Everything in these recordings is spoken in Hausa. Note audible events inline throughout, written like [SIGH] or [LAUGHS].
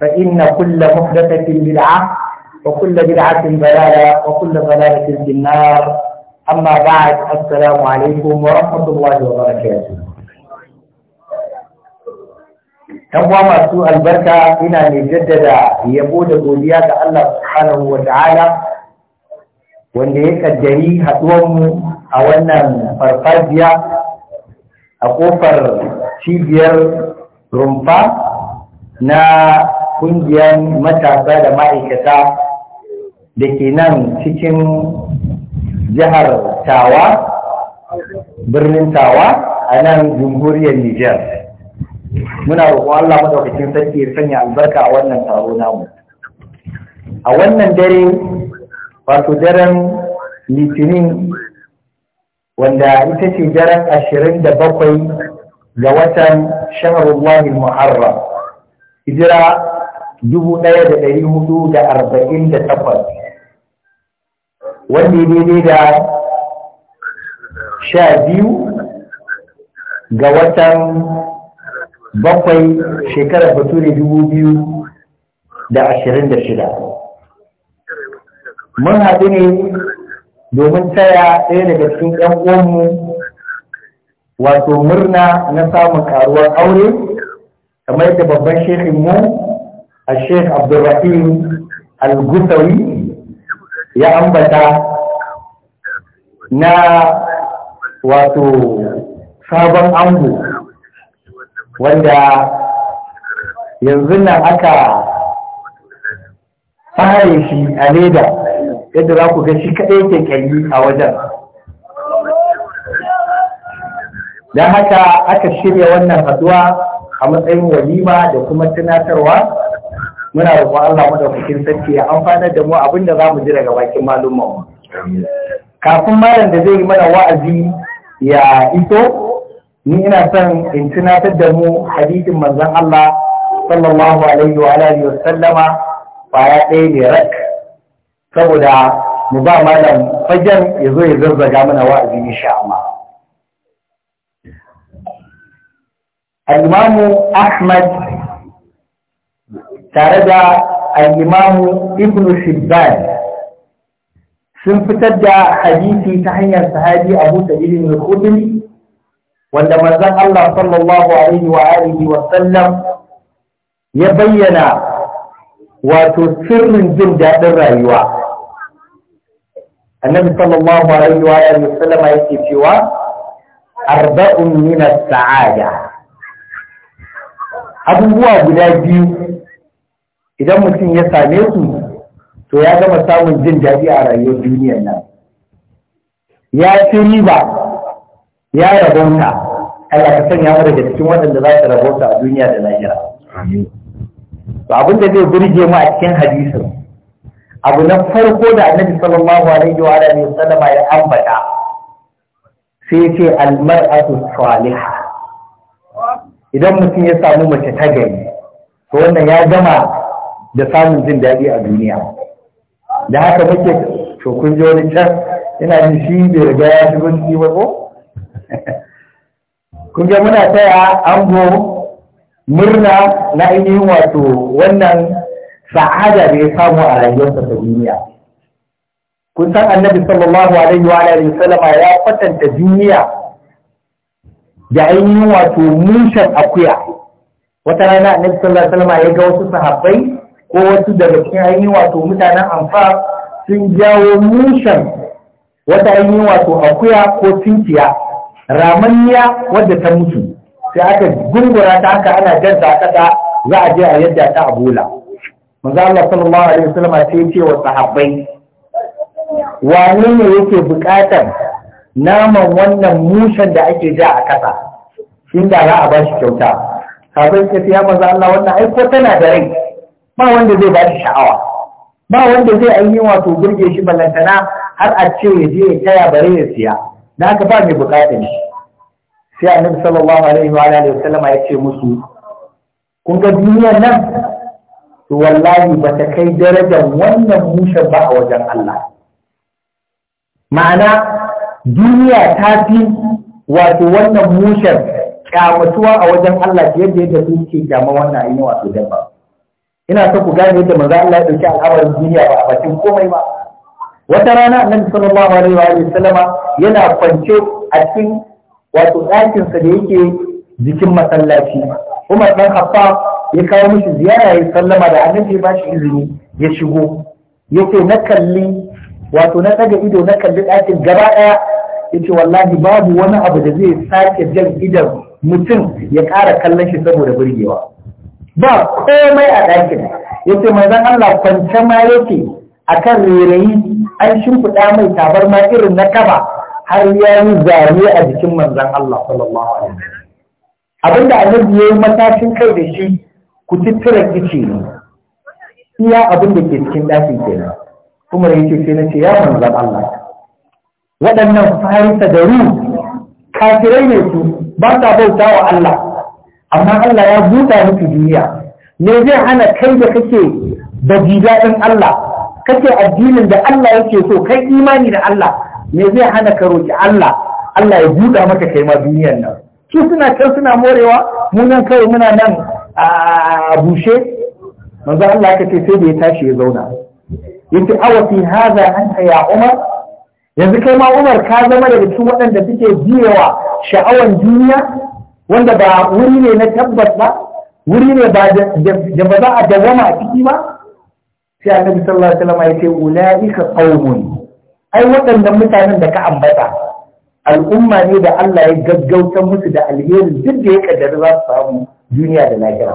فإن كل محدثة بدعة وكل بدعة ضلالة وكل ضلالة في النار أما بعد السلام عليكم ورحمة الله وبركاته نبوة مرسوء البركة إنا نجدد يبود بوليات الله سبحانه وتعالى وانديك الجري هتوم أولنا فرقاديا أقوفر شيبير رمفا na Kungiyar matasa da ma'aikata da ke nan cikin jihar tawa birnin tawa a nan jamhuriyar nijar muna roƙon allah maɗaukacin sarki ya sanya albarka a wannan taro namu a wannan dare wato daren litinin wanda ita ce daren ashirin da bakwai ga watan shaharullahi muharram hijira dubu ɗaya da ɗari hudu da arba'in da takwas wanda ya daidai da sha biyu ga watan bakwai shekarar bature dubu biyu da ashirin da shida mun haɗu ne domin taya ɗaya daga cikin ‘yan uwanmu wato murna na samun ƙaruwar aure kamar da babban mu. الشيخ عبد الرحيم القسوي ya ambata na wato sabon ango wanda yanzu nan aka fare shi a leda yadda za ku ga shi kaɗai ke kyayi a wajen don haka aka shirya wannan haduwa a matsayin walima da kuma tunatarwa muna roƙon Allah madaukakin sarki ya amfanar da mu abin da za mu ji daga bakin malumman kafin malam da zai yi mana wa'azi ya ito, ni ina son in tunatar da mu hadisin manzon Allah sallallahu alaihi wa alihi wa sallama baya ɗaya ne rak saboda mu ba malam fajar ya zo ya zazzaga mana wa'azi insha Allah al Ahmad tare da al-imamu ibn shibban sun fitar da hadisi ta hanyar sahabi abu sa'id ibn khudri wanda manzon Allah sallallahu alaihi wa alihi wa sallam ya bayyana wato sirrin jin daɗin rayuwa annabi sallallahu alaihi wa alihi wa sallam ya ce cewa arba'un min as-sa'ada abubuwa guda biyu idan mutum ya same su to ya gama samun jin daɗi a rayuwar duniyar nan ya ci riba ya rabauta Allah ka sanya mu daga cikin waɗanda za su rabauta a duniya da lahira to abin da zai burge mu a cikin hadisin abu na farko da annabi sallallahu alaihi wa alihi sallam ya ambata sai ya ce almar'atu salihah idan mutum ya samu mace ta gari to wannan ya gama da samun jin daɗi a duniya da haka muke to kun ji wani can ina jin shi bai riga ya shigo ciki ba ko [LAUGHS] kun ga muna taya ango murna na ainihin wato wannan sa'ada da ya samu a rayuwarsa ta duniya kun san annabi sallallahu alaihi wa alihi sallama ya kwatanta duniya da ainihin wato mushen akuya wata rana annabi sallallahu alaihi wa sallama ya ga wasu sahabbai ko wasu daga cikin ainihin wato mutanen amfa sun jawo mushan wata ainihin wato akuya ko tinkiya ramanniya wadda ta mutu sai aka gungura ta haka ana janta a kasa za a je a yadda ta a bola manzo Allah sallallahu alaihi wasallam sai ya ce wa sahabbai wani ne yake bukatar naman wannan mushan da ake ja a kasa inda za a bashi shi kyauta kafin ka ya manzo Allah wannan aiko tana da rai ba wanda zai ba sha'awa ba wanda zai yi wato burge shi ballantana har a ce ya je ya taya bare ya siya da haka ba mai bukatar shi sai annabi sallallahu alaihi wa alihi sallama ya ce musu kun ga duniyar nan to wallahi ba ta kai darajar wannan mushen ba a wajen Allah ma'ana duniya ta fi wato wannan mushen kyamatuwa a wajen Allah yadda yadda suke kyama wannan ainihin wato dabba ina so ku gane yadda manzo Allah ya dauki al'amarin duniya ba a bakin komai ba wata rana annabi sallallahu alaihi wa alihi sallama yana kwance a cikin wato ɗakin sa da yake jikin masallaci Umar dan Khattab ya kawo mishi ziyara ya sallama da annabi ya bashi izini ya shigo yace na kalli wato na daga ido na kalli ɗakin gaba ɗaya yace wallahi babu wani abu da zai sake jan idan mutum ya ƙara kallon shi saboda burgewa ba komai a ɗakin yace manzon Allah kwance ma yake akan rairayi an shimfiɗa mai tabarma irin na kaba har ya yi zane a jikin manzon Allah sallallahu alaihi wasallam abinda annabi yayi matashin kai da shi ku tittira kici ne iya abin da ke cikin ɗakin kenan kuma yake sai na ce ya manzon Allah waɗannan farisa da ruwa kafirai ne su ba sa bauta wa Allah amma Allah ya buɗa miki duniya me zai hana kai da kake da ɗin Allah kake addinin da Allah yake so kai imani da Allah me zai hana ka roki Allah Allah ya buɗa maka kai ma duniyar nan su suna can suna morewa mu nan kawai muna nan a bushe manzo Allah ka ce sai da ya tashi ya zauna yace awa fi hadha anta ya Umar yanzu kai ma Umar ka zama daga cikin waɗanda suke biyewa sha'awan duniya wanda ba wuri ne na tabbas ba wuri ne ba da ba za a dawama a ciki ba sai annabi sallallahu alaihi wasallam ya ce ulaika qaumun ai waɗannan mutanen da ka ambata al'umma ne da Allah ya gaggauta musu da alheri duk da ya kaddara za su samu duniya da lahira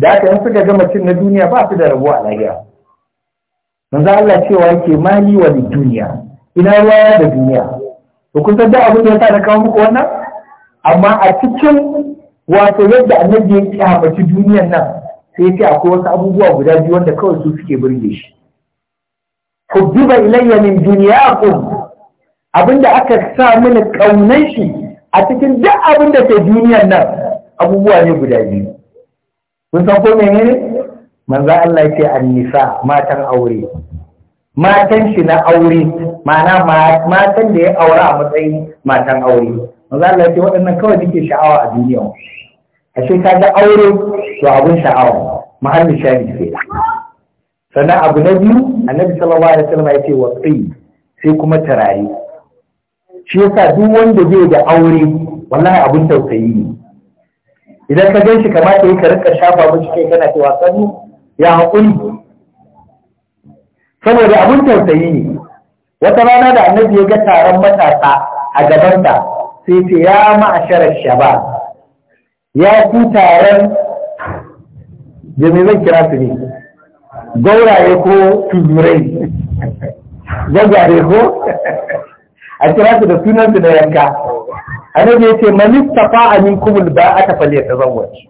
da haka in suka gama cin na duniya ba su da rabo a lahira manzo Allah cewa yake mali wa duniya ina ruwa da duniya to kun san da abin da ya sa na kawo muku wannan amma a cikin wato yadda annabi ya kyamaci duniyan nan sai ce akwai wasu abubuwa guda biyu wanda kawai su suke burge shi kubiba ilayya min abin abinda aka sa mini kaunan shi a cikin duk abin da ke duniyan nan abubuwa ne guda biyu kun san ko menene manzo Allah yake annisa matan aure matan shi na aure ma'ana matan da ya aura a matsayin matan aure maza Allah ce waɗannan kawai nake sha'awa a duniya ashe ka ga aure to abun sha'awa mahallin shari ke sannan abu na biyu annabi sallallahu alaihi wasallam ya ce wa sai kuma turare shi yasa duk wanda zai da aure wallahi abin tausayi ne idan ka gan shi kamata yi ka rika shafa mishi kai kana cewa sannu ya haƙuri saboda abin tausayi ne wata rana da annabi ya ga taron matasa a gabanta sai ce ya ma'asharar shabab ya fi taron jami'an kira su ne gauraye ko tuzurai gagare ko a kira su da sunan su na yanka annabi ya ce manista fa'amin kumul ba aka falle ta zawwaci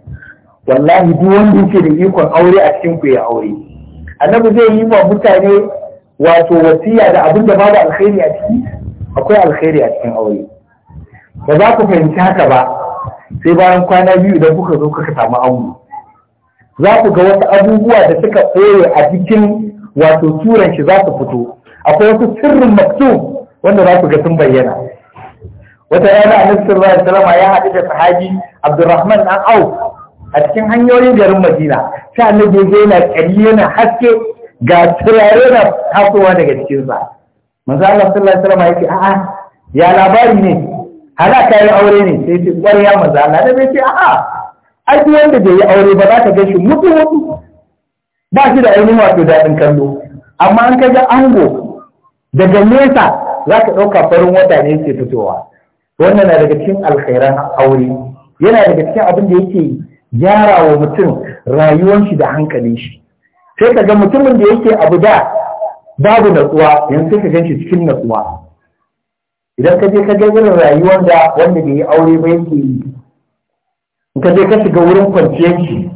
wallahi duk wanda yake da ikon aure a cikin ku ya aure annabi zai yi wa mutane wato wasiya da abin da babu alkhairi a ciki akwai alkhairi a cikin aure ba za ku fahimci haka ba sai bayan kwana biyu idan kuka zo kuka samu auni za ku ga wasu abubuwa da suka tsere a cikin wato turan shi za su fito akwai wasu sirrin maktu wanda za ku ga sun bayyana wata rana a nasu sirrin salama ya haɗu da sahabi Abdulrahman ɗan au a cikin hanyoyin garin madina sai annabi ya yana ƙari yana haske ga turare na tasowa daga cikinsa manzo Allah sallallahu alaihi wasallam ce a'a ya labari ne hala ta yi aure ne sai ce ƙwarya maza Allah da bai ce a'a ai duk wanda bai yi aure ba za ka ga shi mutu mutu ba shi da ainihin wato daɗin kallo amma an ka ga ango daga nesa za ka ɗauka farin wata ne ke fitowa wannan na daga cikin alkhairan aure yana daga cikin abin da yake gyara wa mutum rayuwar shi da hankalin shi sai ka ga mutumin da yake abu da babu natsuwa yanzu sai ka gan shi cikin natsuwa idan ka je ka ga irin rayuwar da wanda bai yi aure ba yake yi in ka je ka shiga wurin kwanciyar shi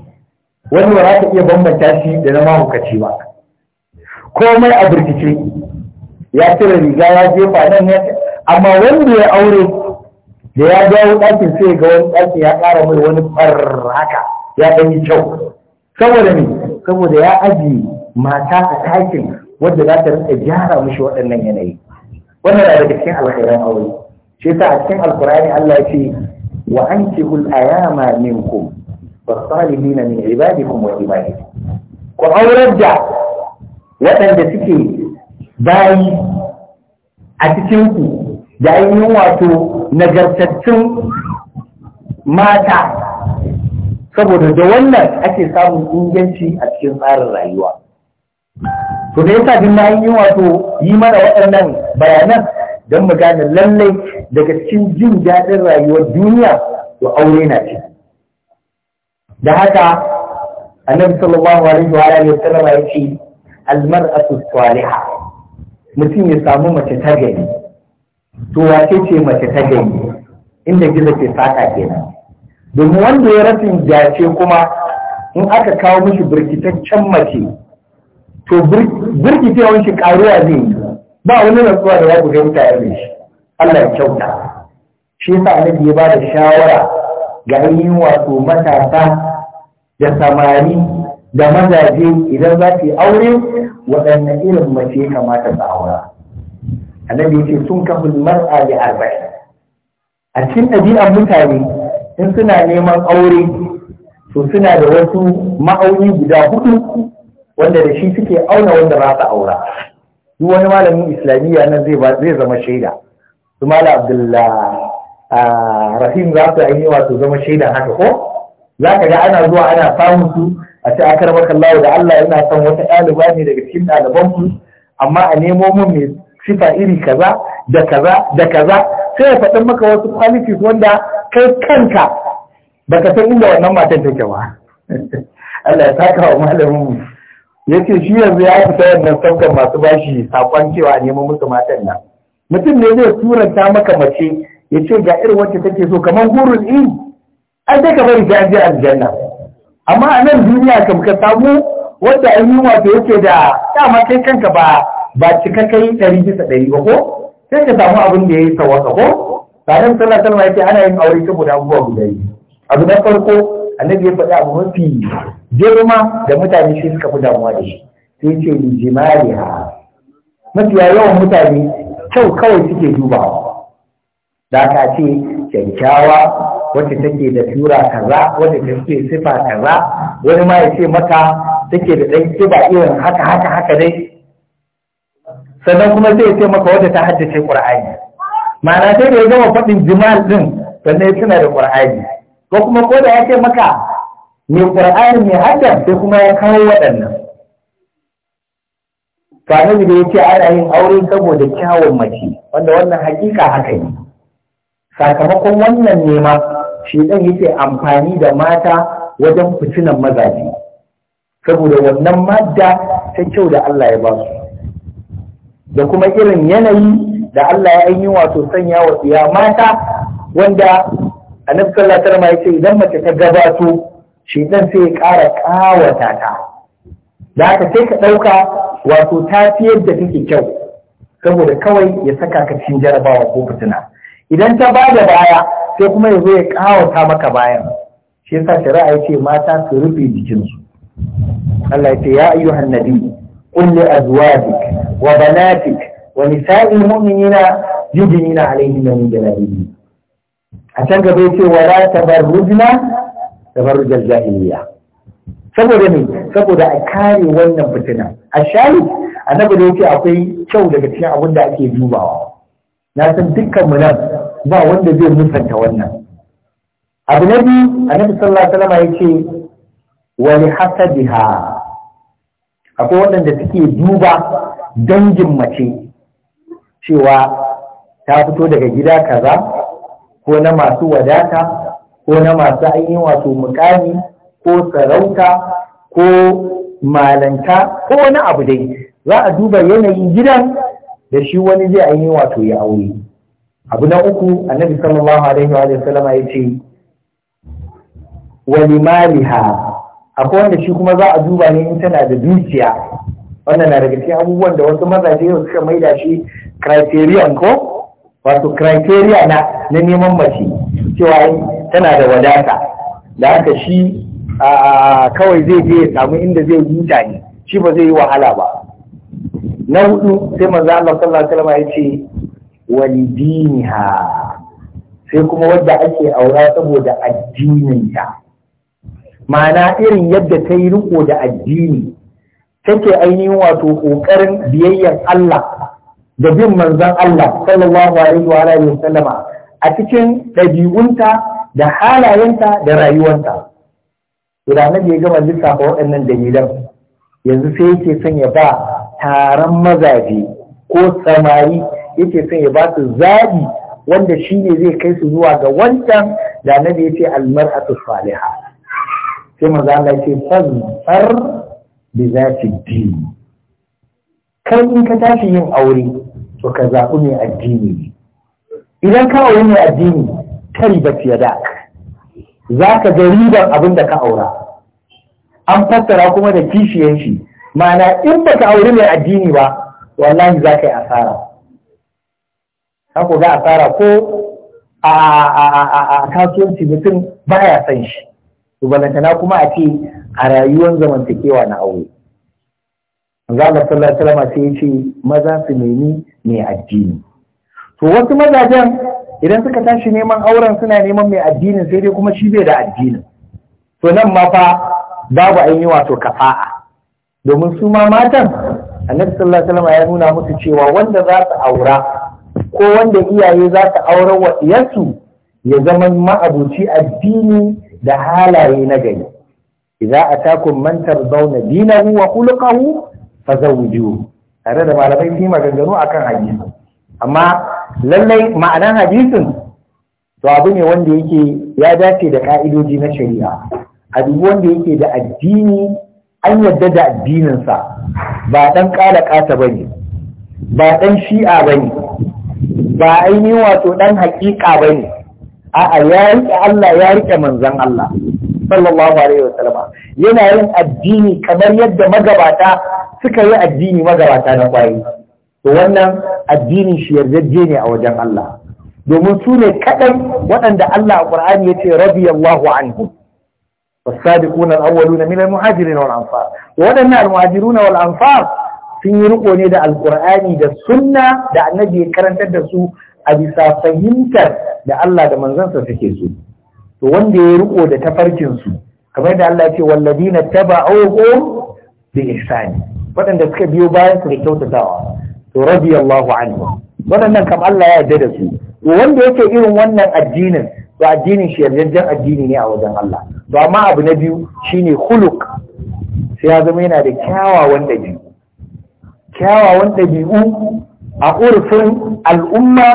wani ba za ka iya bambanta shi da na mahaukaci ba komai a birkice ya cire riga ya jefa nan ya amma wanda ya aure da ya dawo ɗakin sai ga wani ɗakin ya ƙara mai wani ɓar haka ya ɗan yi kyau saboda ne saboda ya ajiye mata a ɗakin wanda za ta rika gyara mishi waɗannan yanayi wannan na daga cikin alkhairan aure shi yasa a cikin alkurani Allah ya ce wa ankihul ayama minkum wasalihina min ibadikum wa imanikum ku aurar da waɗanda suke bayi a cikin ku da ainihin wato nagartattun mata saboda da wannan ake samun inganci a cikin tsarin rayuwa to da yasa din na yi wato yi mana waɗannan bayanan don mu gane lallai daga cikin jin daɗin rayuwar duniya to aure na ce da haka annabi sallallahu alaihi wa alihi sallam ya ce almar'atu salihah mutum ya samu mace ta gani, to wace ce mace ta gani? inda gizo ke fata kenan domin wanda ya rasin jace kuma in aka kawo mishi birkitaccen mace to birkicewan shi karuwa zai yi ba wani rantsuwa da za ku ga mutane da shi Allah ya kyauta shi yasa annabi ya bada shawara ga ainihin wato matasa da samari da mazaje idan za su yi aure waɗanne irin mace ya kamata ta aura annabi ce sun kafin mar'a da arba'in a cikin ɗabi'ar mutane in suna neman aure to suna da wasu ma'auni guda hudu wanda da shi suke auna wanda ba su aura duk wani malamin islamiyya nan zai zama shaida su mala abdullah rahim za su ainihi wato zama shaida haka ko za ka ga ana zuwa ana samun su a ce akar lawa da Allah yana son wata ɗaliba ne daga cikin ɗaliban su amma a nemo mun mai sifa iri kaza da kaza da kaza sai ya faɗin maka wasu qualities wanda kai kanka baka san inda wannan matan take ba [LAUGHS] Allah ya saka wa malamin mu ya ce shi yanzu ya fita wannan sabgar masu bashi sakon cewa a neman musu matan nan mutum ne zai turanta maka mace ya ce ga irin wacce take so kamar hurun in an dai ka bari ta je aljanna amma a nan duniya kam ka samu wanda an yi wato yake da dama kai kanka ba ba kai ɗari bisa ɗari ba ko sai ka samu abin da ya yi sawaka ko tsarin sallah sallah ya ce ana yin aure saboda abubuwa guda biyu abu na farko annabi ya faɗi abu mafi girma da mutane shi suka fi damuwa da shi sai ce ni jimari ha mafiya yawan mutane kyau kawai suke dubawa da ka ce kyakkyawa wacce take da tura kaza wacce take sifa kaza wani ma ya ce mata take da ɗan kiba irin haka haka haka dai sannan kuma zai ce maka wacce ta haddace ƙur'ani ma'ana sai da ya gama faɗin jimal ɗin sannan suna da ƙur'ani ko kuma ko da ya ce maka mai ƙur'ani mai hadda sai kuma ya kawo waɗannan Kanuni da ya ce ana yin aure saboda kyawun mace wanda wannan hakika haka ne sakamakon wannan nema shi ɗan yake amfani da mata wajen fitinan mazaje saboda wannan madda ta kyau da Allah ya ba su da kuma irin yanayi da Allah ya yi wato sanya wa mata wanda annabi sallallahu alaihi wasallam ce idan mace ta gabato dan sai ya ƙara ƙawata ta da aka sai ka ɗauka wato ta fi yadda take kyau saboda kawai ya saka ka cikin jarabawa ko fitina idan ta ba da baya sai kuma ya zo ya ƙawata maka bayan shi yasa shari'a ce mata su rufe jikinsu Allah ya ce ya ayyuhan nabi qul li azwajik wa banatik wa nisa'il mu'minina yudnina alayhinna min jalabibihin a can gaba yace wala tabarrujna tabarrujal jahiliya saboda ne saboda a kare wannan fitina a shayi annabi da yake akwai kyau daga cikin abin da ake dubawa na san dukkan mu nan ba wanda zai musanta wannan abu na biyu annabi sallallahu alaihi wasallam yace wa li hasadiha akwai waɗanda suke duba dangin mace cewa ta fito daga gida kaza ko na masu wadata ko na masu ainihin wato mukami ko sarauta ko malanta ko wani abu dai za a duba yanayin gidan da shi wani zai ainihin wato ya aure abu na uku annabi sallallahu alaihi wa sallama ya ce wani maliha akwai wanda shi kuma za a duba ne in tana da dukiya wannan na daga cikin abubuwan da wasu mazaje suka maida shi criterion ko wato criteria na na neman mace cewa tana da wadata da haka shi kawai zai je ya samu inda zai huta ne shi ba zai yi wahala ba na hudu sai manzo Allah sallallahu alaihi wasallam ya ce walidiniha sai kuma wadda ake aura saboda addininta ma'ana irin yadda ta yi riko da addini take ainihin wato ƙoƙarin biyayyar Allah da bin Manzan Allah sallallahu alaihi wa alihi wasallama a cikin ɗabi'unta da halayenta da rayuwanta idan da ya gama lissafa waɗannan dalilan yanzu sai yake son ya ba taron mazaje ko samari yake son ya ba su zabi wanda shi ne zai kai su zuwa ga wancan da annabi ya ce almar'atu Saliha sai maza Allah ya ce fazfar bi din kai in ka tashi yin aure to ka zaɓi mai addini idan ka aure mai addini ta riba fiye da za ka ga ribar abin da ka aura an fassara kuma da kishiyan shi ma'ana in ba ka aure mai addini ba wallahi za ka yi asara za ku ga asara ko a kasuwanci mutum ba ya san shi to balantana kuma a ce a rayuwar zamantakewa na aure Allah sallallahu alaihi wasallam sai ce maza su nemi mai addini to wasu mazajen idan suka tashi neman auren suna neman mai addinin sai dai kuma shi bai da addinin to nan ma fa babu an yi wato kafa'a domin su ma matan annabi sallallahu alaihi wasallam ya nuna musu cewa wanda za su aura ko wanda iyaye za su aura wa diyarsu ya zama ma'abuci addini da halaye na gari idza atakum man tardawna dinahu wa khuluquhu fazawujuhu tare da malamai sun maganganu kan hadisi amma lallai ma'anan hadisin to abu ne wanda yake ya dace da ka'idoji na shari'a duk wanda yake da addini an yarda da addininsa ba dan kala kata bane ba dan shi'a bane ba ainihin wato dan haƙiƙa bane a'a ya rike Allah ya rike manzon Allah sallallahu alaihi wa sallama yana yin addini kamar yadda magabata suka yi addini magabata na kwaye to wannan addini shi yarjejje ne a wajen Allah domin su ne kaɗan waɗanda Allah a ƙur'ani ya ce radiyallahu anhu والسابقون الأولون من المهاجرين والأنصار وأنا المهاجرون والأنصار sun yi riƙo ne da alkur'ani da sunna da annabi ya karantar da su a bisa fahimtar da Allah da manzansa suke su to wanda ya riko da tafarkin su kamar da Allah ya ce walladina taba'uhum bi ihsani waɗanda suka biyo bayan su da kyautatawa to radiyallahu anhu waɗannan kam Allah ya yarda da su to wanda yake irin wannan addinin to addinin shi yarjejjen addini ne a wajen Allah to amma abu na biyu shine khuluq sai ya zama yana da kyawawan ɗabi'u kyawawan ɗabi'u a urfin al'umma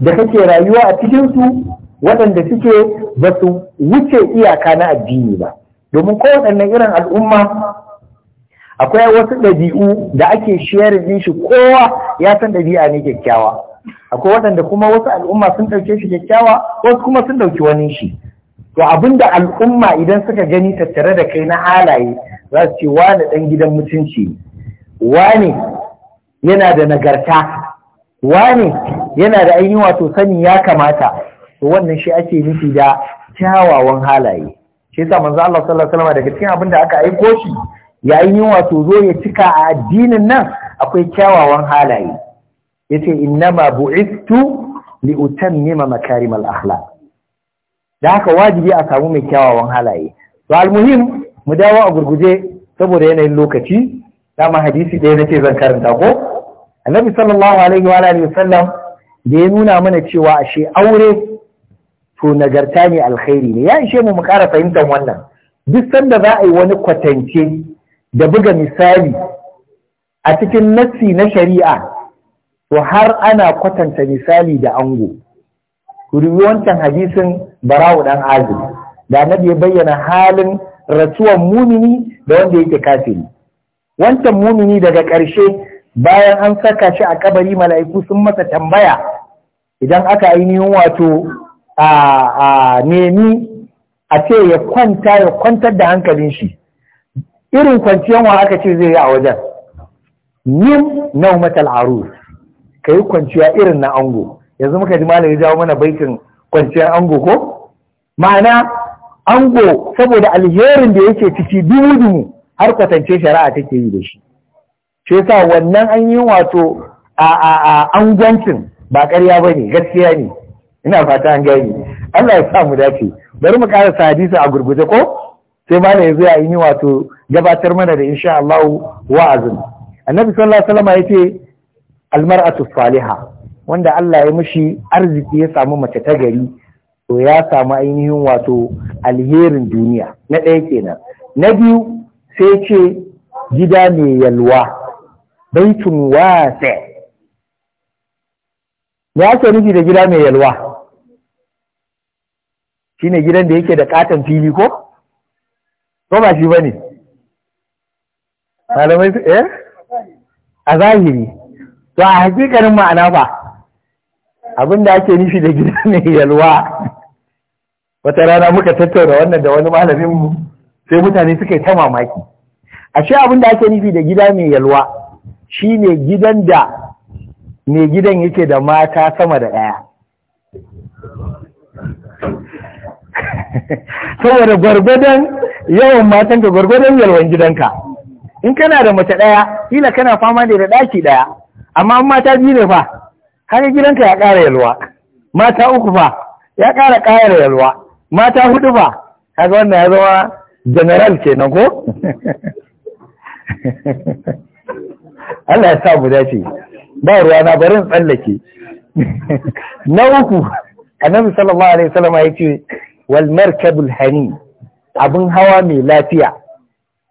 da kake rayuwa a cikinsu waɗanda suke ba su wuce iyaka na addini ba domin kowaɗannan irin al'umma akwai wasu ɗabi'u da ake sharing din shi kowa ya san ɗabi'a ne kyakkyawa akwai waɗanda kuma wasu al'umma sun ɗauke shi kyakkyawa wasu kuma sun ɗauki wani shi to abinda al'umma idan suka gani tattare da kai na halaye za su ce wani ɗan gidan mutunci wani yana da nagarta wani yana da ainihin wato sani ya kamata to wannan shi ake nufi da kyawawan halaye shi yasa manzo Allah sallallahu alaihi wasallam daga cikin abin da aka aiko shi yayin yin wato zo ya cika a addinin nan akwai kyawawan halaye yace innama bu'istu li utammima makarimal akhlaq da haka wajibi a samu mai kyawawan halaye to almuhim mu dawo a gurguje saboda yanayin lokaci dama hadisi ɗaya ce zan karanta ko annabi sallallahu alaihi wa alihi wasallam da ya nuna mana cewa ashe aure to nagarta ne alkhairi ne ya ishe mu mu ƙara fahimtar wannan duk sanda za a yi wani kwatance da buga misali a cikin nassi na shari'a to har ana kwatanta misali da ango ku dubi wancan hadisin barawu dan azumi da annabi ya bayyana halin rasuwan mumini da wanda yake kafiri wancan mumini daga ƙarshe bayan an saka shi a kabari mala'iku sun masa tambaya idan aka ainihin wato a nemi a ce ya kwanta ya kwantar da hankalin shi irin kwanciyar wa aka ce zai yi a wajen yin naumatal arus ka yi kwanciya irin na ango yanzu muka ji malam ya jawo mana baikin kwanciyar ango ko ma'ana ango saboda alherin da yake ciki dubu dubu har kwatance shari'a take yi da shi ce sa wannan an yi wato a a a angoncin ba ƙarya ba ne gaskiya ne ina fata an gani Allah ya sa mu dace bari mu sa hadisi a gurguje ko sai malam yanzu ya yi wato gabatar mana da insha Allah wa'azin annabi sallallahu alaihi wasallam yace almar'atu salihah wanda Allah ya mishi arziki ya samu mace ta gari to ya samu ainihin wato alherin duniya na ɗaya kenan na biyu sai ce gida ne yalwa baitun wasa ya ce nufi da gida mai yalwa shine gidan da yake da katon fili ko ko ba shi bane malamai eh a zahiri to a hakikanin ma'ana ba abin da ake nufi da gida ne yalwa wata rana muka tattauna wannan da wani malamin mu sai mutane suka yi ta mamaki ashe abin da ake nufi da gida mai yalwa shine gidan da mai gidan yake da mata sama da ɗaya saboda gwargwadon yawan matanka gwargwadon yalwan gidanka in kana da mace ɗaya kila kana fama da ɗaki ɗaya amma mata biyu ne fa har gidanka ya ƙara yalwa mata uku fa ya ƙara kara yalwa mata hudu fa kaga wannan ya zama general kenan ko [LAUGHS] Allah ya sa mu dace ba ruwa na barin tsallake [LAUGHS] na uku annabi sallallahu alaihi wasallam ya ce wal markabul hani abin hawa mai lafiya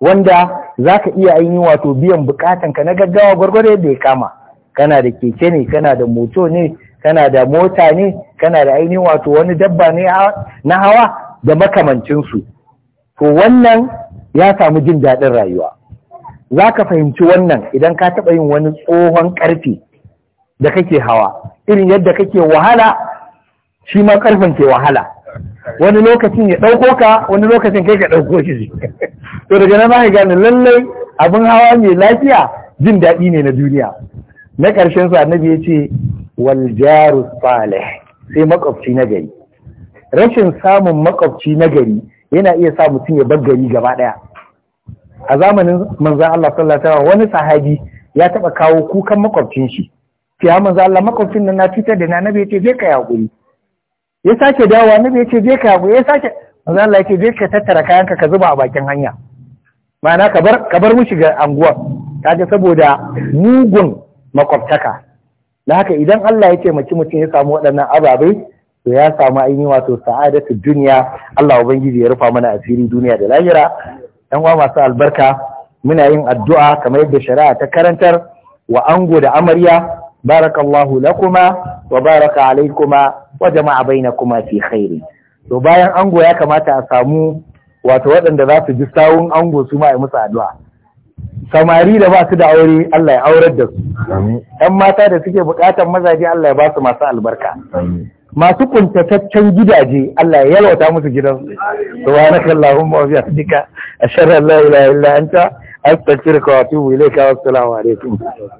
wanda za ka iya ainihin wato biyan bukatan ka na gaggawa gwargwado da ya kama kana da keke ne kana da moto ne kana da mota ne kana da ainihin wato wani dabba ne na hawa da makamancinsu to wannan ya samu jin daɗin rayuwa za ka fahimci wannan idan ka taɓa yin wani tsohon ƙarfi da kake hawa irin yadda kake wahala shi ma ƙarfin ke wahala wani lokacin ya ɗauko ka wani lokacin kai ka ɗauko shi to daga nan zaka gane lallai abin hawa mai lafiya jin daɗi ne na duniya na ƙarshen sa annabi ya ce wal jaru salih sai makwabci na gari rashin samun makwabci na gari yana iya sa mutum ya bar gari gaba ɗaya a zamanin manzan Allah sallallahu alaihi wani sahabi ya taɓa kawo kukan makwabcin shi ya manzan Allah makwabcin nan na fitar da na nabi ya ce je ka yi hakuri ya sake dawowa ne ya ce je ka ya sake manzo Allah ya je ka tattara kayanka ka zuba a bakin hanya ma'ana ka bar ka bar mu shiga anguwa kaga saboda mugun makwabtaka na haka idan Allah ya ce mace mutum ya samu waɗannan ababai to ya samu ainihin wato sa'adatu duniya Allah ubangiji ya rufa mana asiri duniya da lahira Dan uwa masu albarka muna yin addu'a kamar yadda shari'a ta karantar wa ango da amarya barakallahu lakuma لكما وبارك عليكما wa jama'a في fi khairi to bayan ango ya kamata a samu wato waɗanda za su ji sawun ango su ma a musu addu'a samari da ba su da aure Allah ya aurar da su ɗan mata da suke buƙatar mazaje Allah ya ba su masu albarka masu kuntataccen gidaje Allah ya yalwata musu gidan subhanakallahumma wa bihamdika ashhadu an la ilaha illa anta astaghfiruka wa atubu ilayka wa assalamu alaikum